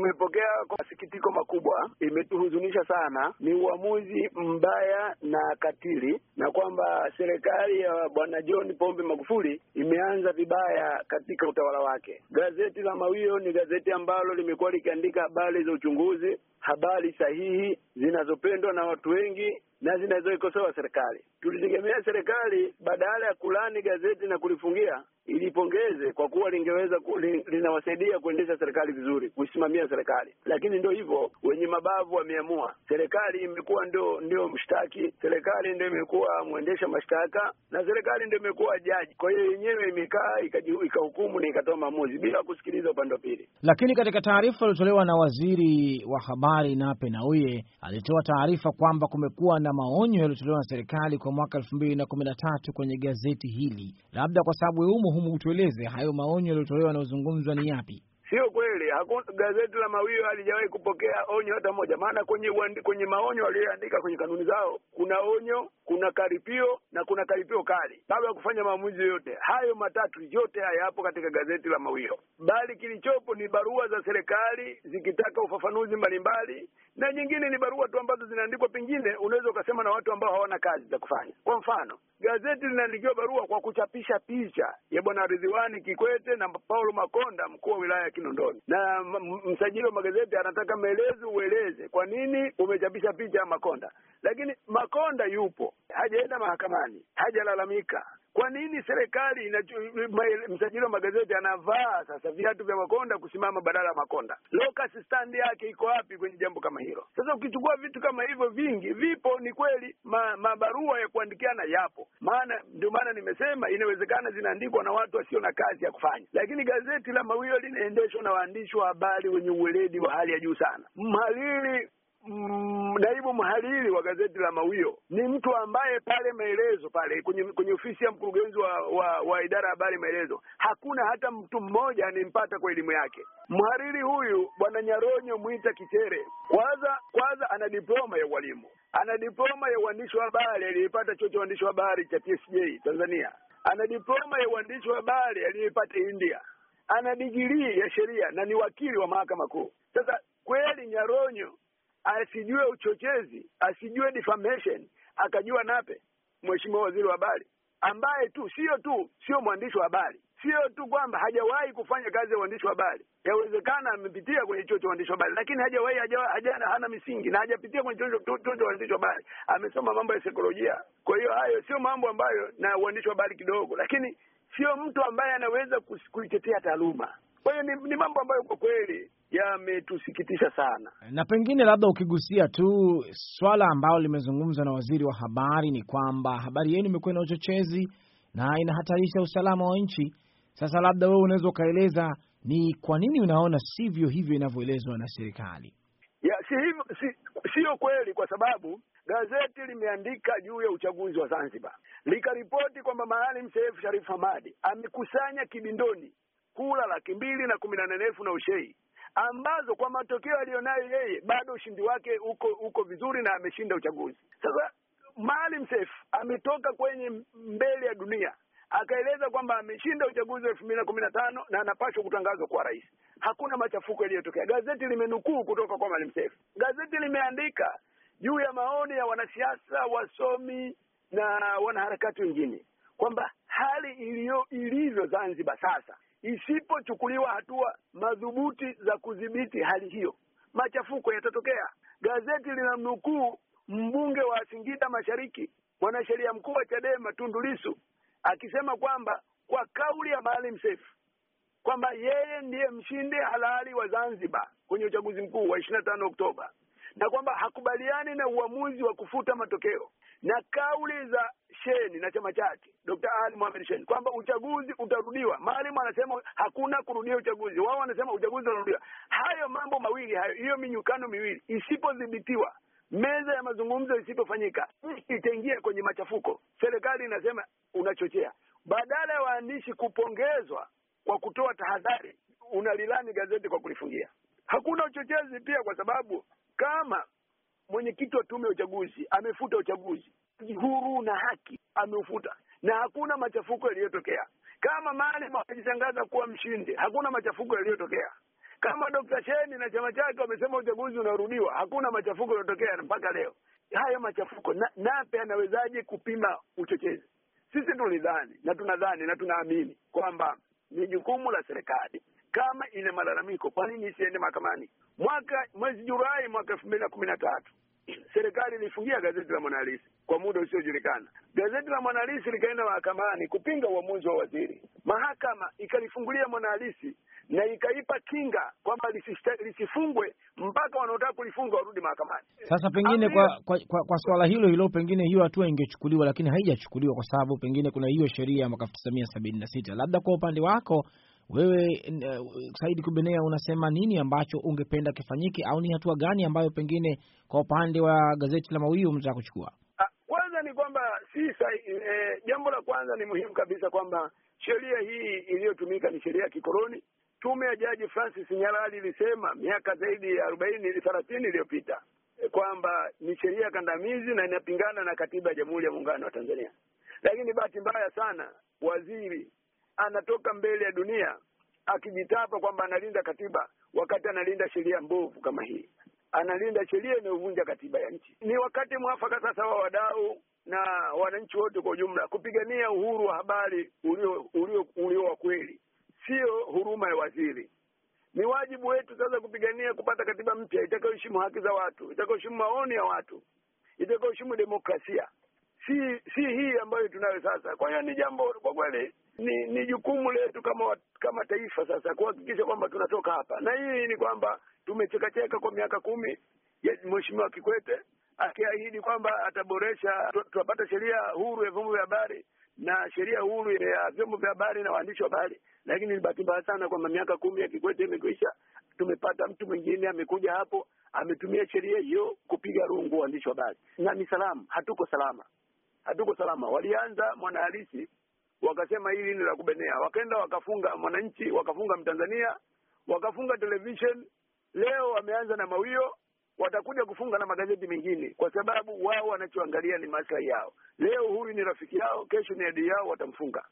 tumepokea kwa masikitiko makubwa, imetuhuzunisha sana. Ni uamuzi mbaya na katili, na kwamba serikali ya Bwana John Pombe Magufuli imeanza vibaya katika utawala wake. Gazeti la Mawio ni gazeti ambalo limekuwa likiandika habari za uchunguzi, habari sahihi zinazopendwa na watu wengi na zinazoikosoa serikali. Tulitegemea serikali badala ya kulani gazeti na kulifungia ilipongeze kwa kuwa lingeweza linawasaidia kuendesha serikali vizuri, kuisimamia serikali. Lakini ndio hivyo, wenye mabavu wameamua. Serikali imekuwa ndio ndio mshtaki, serikali ndio imekuwa mwendesha mashtaka, na serikali ndio imekuwa jaji. Kwa hiyo yenyewe imekaa ikahukumu na ikatoa maamuzi bila kusikiliza upande wa pili. Lakini katika taarifa iliyotolewa na waziri wa habari Nape Nnauye, alitoa taarifa kwamba kumekuwa na maonyo yaliyotolewa na serikali kwa kwa mwaka elfu mbili na kumi na tatu kwenye gazeti hili, labda kwa sababu weumo humu, utueleze hayo maonyo yaliyotolewa yanayozungumzwa ni yapi? Sio kweli, hakuna gazeti la Mawio halijawahi kupokea onyo hata moja, maana kwenye kwenye maonyo walioandika kwenye kanuni zao kuna onyo, kuna karipio na kuna karipio kali kabla ya kufanya maamuzi yoyote. Hayo matatu yote hayapo katika gazeti la Mawio, bali kilichopo ni barua za serikali zikitaka ufafanuzi mbalimbali, na nyingine ni barua tu ambazo zinaandikwa, pengine unaweza ukasema na watu ambao hawana kazi za kufanya. Kwa mfano gazeti linaandikiwa barua kwa kuchapisha picha ya bwana Ridhiwani Kikwete na Paulo Makonda, mkuu wa wilaya ya Kinondoni, na msajili wa magazeti anataka maelezo, ueleze kwa nini umechapisha picha ya Makonda. Lakini Makonda yupo, hajaenda mahakamani, hajalalamika. Kwa nini serikali msajili wa magazeti anavaa sasa viatu vya Makonda kusimama badala ya Makonda? Locus stand yake iko wapi kwenye jambo kama hilo? Sasa ukichukua vitu kama hivyo vingi, vipo ni kweli, mabarua ma ya kuandikiana yapo, maana ndio maana nimesema inawezekana zinaandikwa na watu wasio na kazi ya kufanya, lakini gazeti la Mawio linaendeshwa na waandishi wa habari wenye uweledi wa hali ya juu sana. Mhariri Mm, naibu mhariri wa gazeti la Mawio ni mtu ambaye pale maelezo pale kwenye, kwenye ofisi ya mkurugenzi wa, wa, wa idara ya habari maelezo, hakuna hata mtu mmoja anayempata kwa elimu yake. Mhariri huyu bwana Nyaronyo Mwita Kichere, kwanza kwanza ana diploma ya ualimu, ana diploma ya uandishi wa habari aliyepata chuo cha uandishi wa habari cha TSJ Tanzania, ana diploma ya uandishi wa habari aliyepata India, ana digirii ya sheria na ni wakili wa mahakama kuu. Sasa kweli Nyaronyo asijue uchochezi, asijue defamation, akajua nape. Mheshimiwa Waziri wa Habari ambaye tu sio tu sio mwandishi wa habari, sio tu kwamba hajawahi kufanya kazi ya uandishi wa habari, yawezekana amepitia kwenye chuo cha uandishi wa habari, lakini hajawahi hajana, hana misingi na hajapitia kwenye chuo cha uandishi wa habari, amesoma mambo ya saikolojia. Kwa hiyo hayo sio mambo ambayo na uandishi wa habari kidogo, lakini sio mtu ambaye anaweza kuitetea taaluma. Kwa hiyo ni, ni mambo ambayo kwa kweli yametusikitisha sana, na pengine labda ukigusia tu swala ambalo limezungumzwa na waziri wa habari ni kwamba habari yenu imekuwa na uchochezi na inahatarisha usalama wa nchi. Sasa labda wewe unaweza ukaeleza ni kwa nini unaona sivyo hivyo inavyoelezwa na serikali? Ya, si hivyo, si, siyo kweli kwa sababu gazeti limeandika juu ya uchaguzi wa Zanzibar likaripoti kwamba Maalim Seif Sharif Hamad amekusanya kibindoni kura laki mbili na kumi na nane elfu na ushei ambazo kwa matokeo aliyonayo yeye bado ushindi wake uko uko vizuri na ameshinda uchaguzi. Sasa Maalim Seif ametoka kwenye mbele ya dunia akaeleza kwamba ameshinda uchaguzi wa elfu mbili na kumi na tano na anapashwa kutangazwa kuwa rais. Hakuna machafuko yaliyotokea. Gazeti limenukuu kutoka kwa Maalim Seif. Gazeti limeandika juu ya maoni ya wanasiasa, wasomi na wanaharakati wengine kwamba hali iliyo ilivyo Zanzibar sasa Isipochukuliwa hatua madhubuti za kudhibiti hali hiyo, machafuko yatatokea. Gazeti linamnukuu mbunge wa Singida Mashariki, mwanasheria mkuu wa Chadema Tundu Lissu akisema kwamba kwa kauli ya Maalim Seif kwamba yeye ndiye mshindi halali wa Zanzibar kwenye uchaguzi mkuu wa 25 Oktoba na kwamba hakubaliani na uamuzi wa kufuta matokeo na kauli za Sheni na chama chake Dr. Ali Mohamed Sheni kwamba uchaguzi utarudiwa. Maalim anasema hakuna kurudia uchaguzi, wao wanasema uchaguzi utarudiwa. Hayo mambo mawili hayo, hiyo minyukano miwili isipodhibitiwa, meza ya mazungumzo isipofanyika, itaingia kwenye machafuko. Serikali inasema unachochea, badala ya waandishi kupongezwa kwa kutoa tahadhari, unalilani gazeti kwa kulifungia. Hakuna uchochezi pia, kwa sababu kama mwenyekiti wa tume ya uchaguzi amefuta uchaguzi huru na haki, ameufuta na hakuna machafuko yaliyotokea. Kama Maalim wakajitangaza kuwa mshindi, hakuna machafuko yaliyotokea. Kama Dokta Sheni na chama chake wamesema uchaguzi unarudiwa, hakuna machafuko yaliyotokea mpaka leo. Hayo machafuko na, Nape anawezaje kupima uchochezi? Sisi tulidhani na tunadhani na tunaamini kwamba ni jukumu la serikali, kama ina malalamiko, kwa nini isiende mahakamani? mwaka mwezi Julai mwaka elfu mbili na kumi na tatu serikali ilifungia gazeti la Mwanahalisi kwa muda usiojulikana. Gazeti la Mwanahalisi likaenda mahakamani kupinga uamuzi wa waziri. Mahakama ikalifungulia Mwanahalisi na ikaipa kinga kwamba lisifungwe mpaka wanaotaka kulifunga warudi mahakamani. Sasa pengine kwa, kwa, kwa, kwa suala hilo hilo, pengine hiyo hatua ingechukuliwa, lakini haijachukuliwa kwa sababu pengine kuna hiyo sheria ya mwaka elfu tisa mia sabini na sita. Labda kwa upande wako wewe eh, Saidi Kubenea, unasema nini ambacho ungependa kifanyike, au ni hatua gani ambayo pengine kwa upande wa gazeti la Mawio mtaka kuchukua? Ah, kwanza ni kwamba si e, jambo la kwanza ni muhimu kabisa kwamba sheria hii iliyotumika ni sheria ya kikoloni. Tume ya Jaji Francis Nyalali ilisema miaka zaidi ya arobaini thelathini iliyopita eh, kwamba ni sheria kandamizi na inapingana na katiba ya Jamhuri ya Muungano wa Tanzania, lakini bahati mbaya sana waziri anatoka mbele ya dunia akijitapa kwamba analinda katiba wakati analinda sheria mbovu kama hii, analinda sheria inayovunja katiba ya nchi. Ni wakati mwafaka sasa wa wadau na wananchi wote kwa ujumla kupigania uhuru wa habari ulio ulio ulio wa kweli, sio huruma ya waziri. Ni wajibu wetu sasa kupigania kupata katiba mpya itakayoheshimu haki za watu, itakayoheshimu maoni ya watu, itakayoheshimu demokrasia, si si hii ambayo tunayo sasa. Kwa hiyo ni jambo kwa kweli ni ni jukumu letu kama kama taifa sasa kuhakikisha kwamba tunatoka hapa, na hii ni kwamba tumechekacheka kwa miaka kumi ya Mheshimiwa Kikwete akiahidi kwamba ataboresha, tutapata sheria huru ya vyombo vya habari na sheria huru ya vyombo vya habari na waandishi wa habari, lakini ni bahati mbaya sana kwamba miaka kumi ya Kikwete imekwisha. Tumepata mtu mwingine amekuja hapo, ametumia sheria hiyo kupiga rungu waandishi wa habari, na ni salamu, hatuko salama, hatuko salama. Walianza mwanahalisi wakasema hili ni la kubenea, wakaenda wakafunga Mwananchi, wakafunga Mtanzania, wakafunga television. Leo wameanza na Mawio, watakuja kufunga na magazeti mengine, kwa sababu wao wanachoangalia ni maslahi yao. Leo huyu ni rafiki yao, kesho ni adui yao, watamfunga.